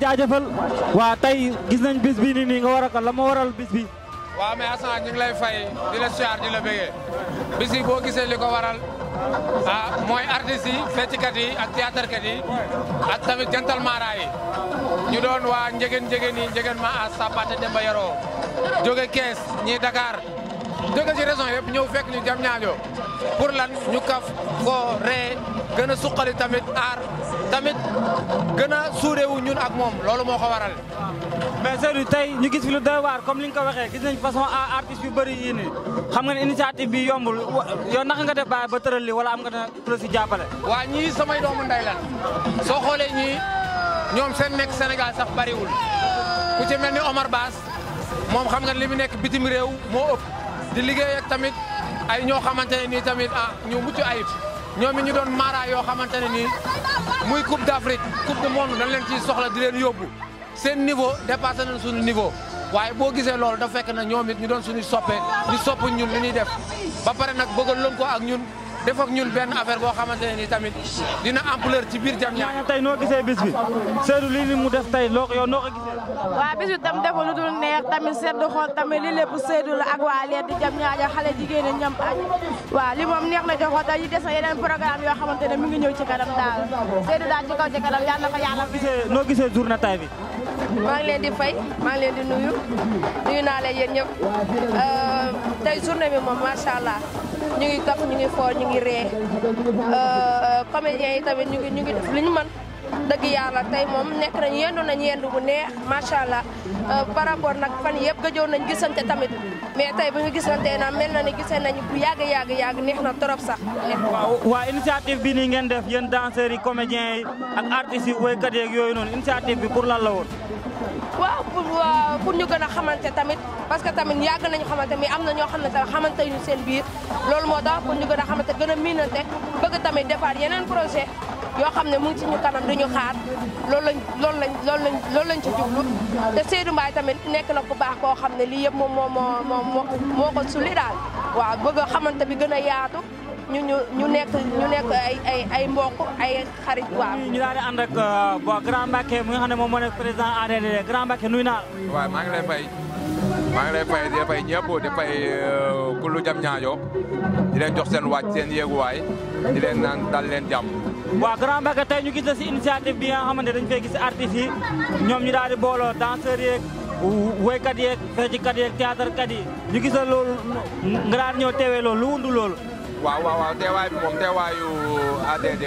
la jaajëfal waa tey gis nañ bis nii nga war a la ma waral bis bi. waaw mais Assane ñu ngi lay fay di la siyaar di la bëggee bis boo gisee li ko waral a ah, mooy artistes yi fecckat yi ak théâtre a yi ak tamit jantal ñu doon waa njegen njegen yi njegen ma as Sapate Demba Yoro jóge Kees ñii Dakar jóge ci région yëpp ñëw fekk ñu jam ñaajo pour lan ñu kaf ko ree gën a suqali tamit aar tamit gën a suurewu ñun ak moom loolu moo ko waral. mais Seydou tey ñu gis fi lu doy waar comme li nga ko waxee gis nañ façon artiste yu bëri yii nii xam nga ne initiative bi yombul yow naka nga def bàyyi ba tëral li wala am nga ne ku la si waa ñii samay doomu ndey lan soo xoolee ñii ñoom seen nekk senegal sax bariwul ku ci mel ni Omar Baas moom xam nga li mu nekk bitim réew moo ëpp di liggéey tamit ay ñoo xamante ne nii tamit ah ñu mucc ayib. ñoom it ñu doon mara yoo xamante ne nii muy coupe d'Afrique coupe du monde dañ ciy soxla di leen yóbbu seen niveau dépassé nañ suñu waaye boo gisee loolu da fekk na ñoom it ñu doon suñu soppe ñu sopp ñun li ñuy def ba pare nag bëggal lënkoo ak ñun def ak ñun benn affaire boo xamante ne ni tamit dina ampleur ci biir jam ñaa tey noo gisee bis bi Seydou lii li mu def tey loo yow noo ko gisee waaw bis bi tam defa lu dul neex tamit sedd xool tamit li lépp Seydou la ak waa leer di jam ñaaja xale jigéen ñi ñam añ waaw li moom neex na joxoo tey yi des na yeneen programme yoo xamante ne mi ngi ñëw ci kanam daal Seydou daal ci kaw ci kanam yàlla na ko yàlla noo gisee journée tey bi maa ngi leen di fay maa ngi leen di naa leen yéen ñëpp euh, tey journée macha allah ñu ngi kaf ñu ngi foo ñu ngi ree euh, comédiens yi tamit ñu ngi ñu ngi def li ñu mën dëgg yàlla tey moom nekk nañu yendu nañu yendu bu neex macha allah euh, par rapport nag fan yëpp gëjoon nañ gisante tamit mais tey bu ñu gisantee na mel na ni gisee nañu bu yàgg yàgg neex na trop sax. waaw waa initiative bi ni ngeen def yéen danseurs yi comédiens yi ak artistes yi woykat yeeg yooyu noonu initiative bi pour lan la woon. waaw pour euh, pour ñu gën a xamante tamit parce que tamit yàgg nañu xamante mais am na ñoo xam ne tamit xamante ñu seen biir loolu moo tax pour ñu gën a xamante gën a miinante bëgg tamit defaat yeneen projet yoo xam ne mu ngi ci ñu kanam duñu xaar loolu lañ loolu lañ loolu lañ loolu lañ ci jublu te Seydou Mbaye tamit nekk na ku baax koo xam ne lii yëpp moom moo moo moo moo ko sulli daal waaw bëgg xamante bi gën a yaatu ñu ñu ñu nekk ñu nekk ay ay ay xarit waaw. ñu daal di ànd ak euh, Grand Mbacké mi nga xam ne moom moo nekk président ADD Grand Mbacké maa ngi lay fay maa ngi lay fay di de ñëpp di fay euh, kullu jam ñaajo di leen jox seen wàcc seen yéeguwaay di leen naan dal leen jàmm. waaw Grand Mbacké tey ñu gis si initiative bi nga xamante dañu fee gis artistes yi ñoom ñu daal di booloo danseurs yeeg woykat yeeg feccikat yeeg théâtre ñu gis la loolu nga ñëw teewee loolu lu wundu waaw waaw waaw bi moom teewaayu ADD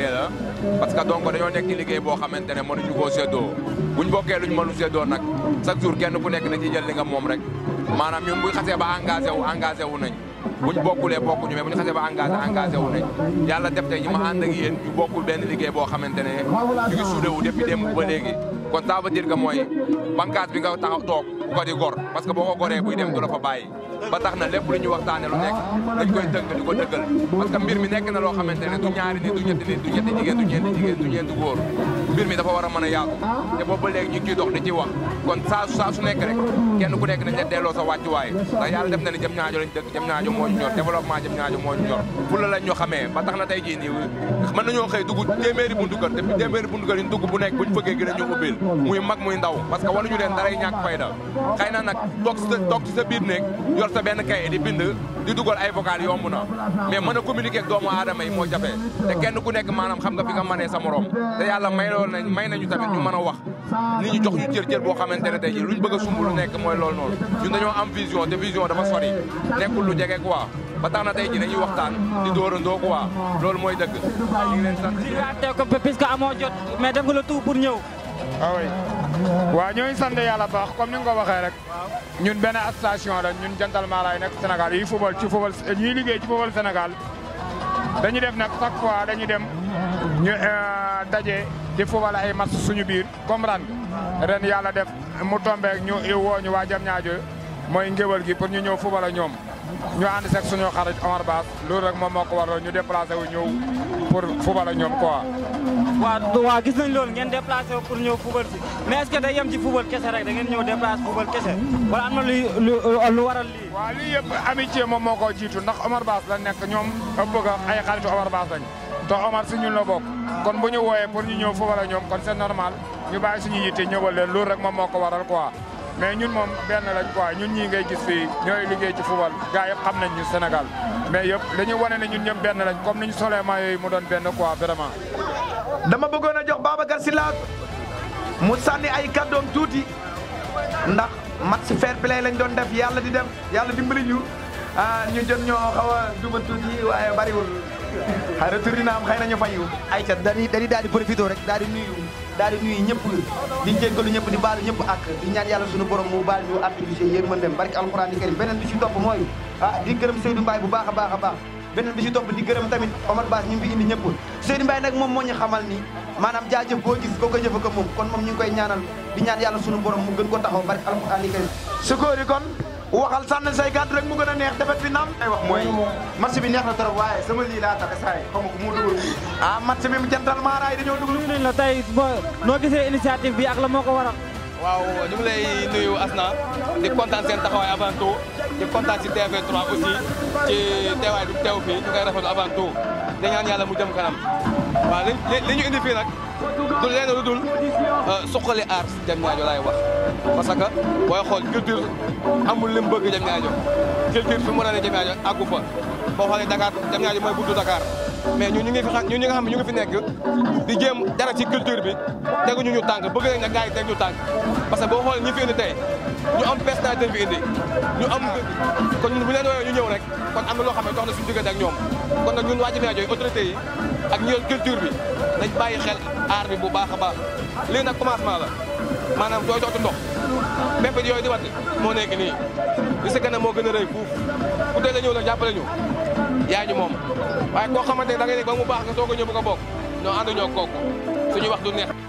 parce que donc dañoo nekk ci liggéey boo xamante ne mënuñu koo séddoo buñ bokkee luñ mënu séddoo nag chaque jour kenn ku nekk na ci jël nga moom rek maanaam ñun bu xasee ba engagé wu engagé wu nañ buñ bokkulee bokkuñu mais buñ xasee ba engagé engagé wu nañ yàlla def tey ñi ma ànd ak yéen ñu bokkul benn liggéey boo xamante ne ñu ngi soudé wu depuis démb ba léegi kon ça veut dire que mooy bànqaas bi nga taxaw toog bu ko di que boo ko goree buy dem la fa bàyyi ba tax na lépp lu ñu waxtaane lu nekk dañ koy dënk di ko mbir mi nekk na loo ne du ñaari nit du ñetti nit du ñetti jigéen du ñeenti jigéen du ñeenti góor mbir mi dafa war a mën a yaatu te boobu dox di ci wax kon saa saa nekk rek kenn ku nekk nañ la delloo sa def na ni jëm ñaajo lañ dëkk jëm ñaajo moo ñu ñor développement jëm ñaajo moo ñu ñor fu ñu xamee ba bu nekk yor sa benn kay di bind di dugal ay vocal yomb na mais mën a communiquer ak doomu aadama yi moo jafe te kenn ku nekk maanaam xam nga fi nga mënee sa may lool nañ may nañu tamit ñu mën a wax nit ñi jox ñu cër cër boo xamante ne tey jii luñ bëgg a lu nekk mooy loolu noonu ñun dañoo am vision te vision dafa sori nekkul lu jege quoi ba tax na tey jii dañuy waxtaan di dóorandoo quoi loolu mooy dëgg. ñu ngi leen sant. di ko puisque amoo jot mais def nga le tout waaw ñoo sant yàlla baax comme ni nga ko waxee rek ñun benn association la ñun gentleman laay nekk senegal yi football ci football ñuy liggéey ci football Sénégal dañu def nag chaque fois dañu dem ñu euh, daje di football ay mas suñu biir comprendre ren yàlla def mu tombeek ñu wooñu waa jam ñaajo mooy ngéwal gi pour ñu ñëw football a ñoom ñu ànd seeg suñu xarit Omar Baas loolu rek moom moo ko waraloon ñu déplacé wu ñëw pour fubal ak ñoom quoi. waaw waaw gis nañ loolu ngeen déplacé wu pour ñëw fubal si mais est ce que day yem ci fubal ngeen ñëw déplacé fubal kese wala am na lu waral lii. waaw lii yëpp amitié moom moo ko jiitu ndax Omar Baas la nekk ñoom ëpp nga ay xaritu Omar Baas lañ te Omar si ñun la kon bu ñu wooyee pour ñu ñëw fubal ak ñoom kon c'est normal ñu bàyyi suñu yitte ñëwal leen loolu rek moom moo ko waral quoi. mais ñun moom benn lañ quoi ñun ñii ngay gis fii ñooy liggéey ci football gars yëpp xam nañ ñu Sénégal mais yëpp dañuy wane na ñun ñëpp benn lañ comme ni ñu solee maa mu doon benn quoi vraiment. dama bëggoon a jox Babacar Sylla mu sànni ay kàddoom tuuti ndax mat fair play lañ doon def yàlla di dem yàlla dimbali ñu ah ñu jot ñoo xaw a duma tuuti waaye bariwul retour dina am xëy na ñu fayu. ayca dañuy dañuy daal di profité rek daal nuyu. daal di nuyu ñëpp di jéggalu ñëpp di baalu ñëpp ak di ñaan yàlla suñu borom mu baal ñu ak di yéen mën dem barki alxuraan di beneen bi ci topp mooy ah di gërëm Seydou Mbaye bu baax a baax a baax beneen bi ci topp di gërëm tamit Omar Bass ñu ngi indi ñëpp Seydou Mbaye nag moom moo ñu xamal ni maanaam jaajëf boo gis koo ko jëfa ko moom kon moom ñu koy ñaanal di ñaan yàlla suñu borom mu gën ko taxaw barki alxuraan di karim kon waxal sànn say gàtt rek mu gën a neex defet bi nam ay wax mooy marché bi neex na trop waaye sama lii laa tax saay xamu ko mu dugal ah marché bi mu jantal maaraay dañoo dugal ñu la tey ba noo gisee initiative bi ak la moo ko waral waaw ñu ngi lay nuyu asna di kontaan seen taxawaay avant tout di kontaan si tv3 aussi ci teewaay bi teew fii ñu ngay rafetlu avant tout di ñaan yàlla mu jëm kanam waaw li ñu indi fii nag du leen lu dul euh, suqali aar jam ñaajo laay wax parce que booy xool culture amul lim bëgg jam ñaajo culture fi mu ne jam ñaajo àggu fa boo xoolee Dakar jam fi ñi nga xam ne fi nekk di dara ci culture bi teguñu ñu tànk bëgg nañ na gars yi teg ñu tànk parce ñu am personnalité bi indi ñu am kon ñun bu leen woowee ñu ñëw rek kon am na loo xam ne dox na suñu diggante ak ñoom kon nag ñun waa Jami rajo yi autorité yi ak ñi yor culture bi nañ bàyyi xel aar bi bu baax a baax lii nag commencement la maanaam dooy dootu ndox bépp yooyu di wat moo nekk nii li si gën moo gën a rëy fuuf ku teel a ñëw la jàppale ñu yaa ñu moom waaye koo xamante ne da ngay ba mu baax nga soog a ñëw bu ko bokk ñoo ànduñoo kooku suñu wax du neex